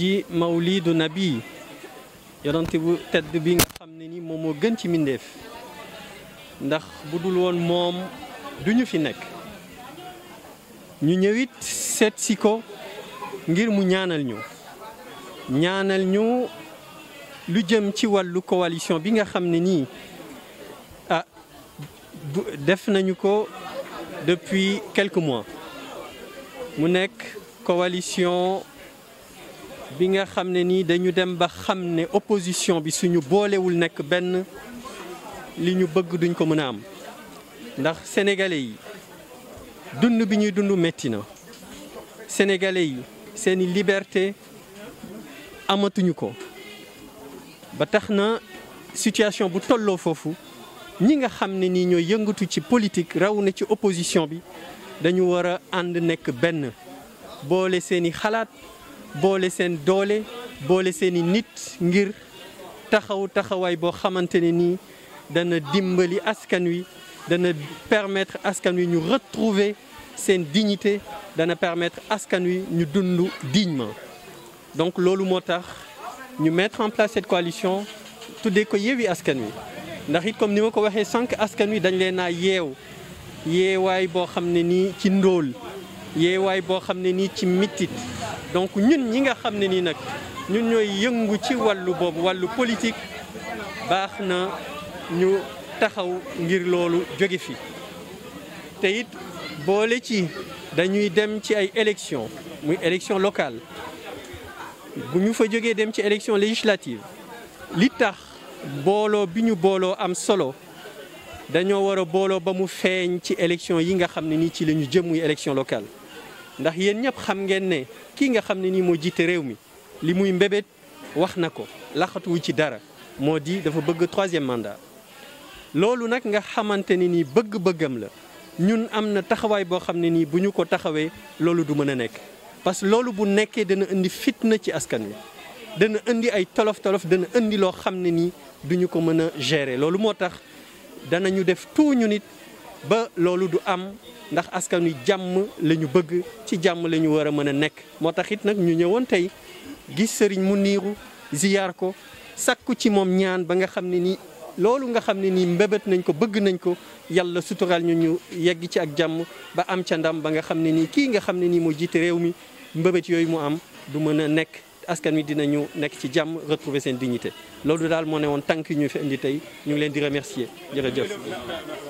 ji mawlidu nabi yonante bu tedd bi nga xam ne ni moom moo gën ci mbindeef ndax bu dul woon moom du ñu fi nekk ñu ñëwit seet si ko ngir mu ñaanal ñu ñaanal ñu lu jëm ci wàllu coalition bi nga xam ne nii ah def nañu ko depuis quelques mois mu nekk coalition bi nga xam ne nii dañu dem ba xam ne opposition bi suñu boolewul nekk benn li ñu bëgg duñ ko mën a am ndax sénégalais yi dund bi ñuy dund métti na sénégalais yi seeni liberte amatuñu ko ba tax na situation bu tolloo foofu ñi nga xam ne nii ñooy yëngatu ci politique raw na ci opposition bi dañu war a ànd nekk benn boole seeni xalaat boole seen doole boole seen i nit ngir taxaw taxawaay boo xamante ne nii dana dimbali askan wi dana permetre askan wi ñu retrouver seen dignité dana permettre askan wi ñu dund dignement donc loolu moo tax ñu mettre en place cette coalition tuddee ko Yewwi Askan Wi ndax it comme ni ma ko waxee sànq askan wi dañ leen naa yeew yeewaay boo xam ne nii ci ndóol yeewaay boo xam ne ni ci mitit donc ñun ñi nga xam ne nii nag ñun ñooy yëngu ci wàllu boobu wàllu politique baax na ñu taxaw ngir loolu jóge fi te it boole ci dañuy dem ci ay élections muy élection locale bu ñu fa jógee dem ci élection législative li tax booloo bi ñu booloo am solo dañoo war a booloo ba mu feeñ ci élection yi nga xam ne nii ci la ñu jëm muy locale ndax yéen ñëpp xam ngeen ne kii nga xam ne nii moo jiite réew mi li muy mbébét wax na ko laxatuwu ci dara moo di dafa bëgg troisième mandat loolu nag nga xamante ne nii bëgg-bëggam la ñun am na taxawaay boo xam ne nii bu ñu ko taxawee loolu du mën a nekk parce que loolu bu nekkee dana indi fitna ci askan wi dana indi ay tolof tolof dana indi loo xam ne nii duñu ko mën a gérer loolu moo tax danañu def tout ñu nit ba loolu du am ndax askan wi jàmm lañu bëgg ci jàmm la ñu war a mën a nekk moo tax it nag ñu ñëwoon tey gis sëriñ mu niiru ziyaar ko sakku ci moom ñaan ba nga xam ne nii loolu nga xam ne nii mbébét nañ ko bëgg nañ ko yàlla sutural ñu ñu yegg ci ak jàmm ba am ca ndam ba nga xam ne nii kii nga xam ne nii moo jiite réew mi mbébét yooyu mu am du mën a nekk askan wi dinañu nekk ci jàmm retrouver seen dignité loolu daal moo ne woon tànk ñu fi indi tey ñu ngi leen di remercier jërëjëf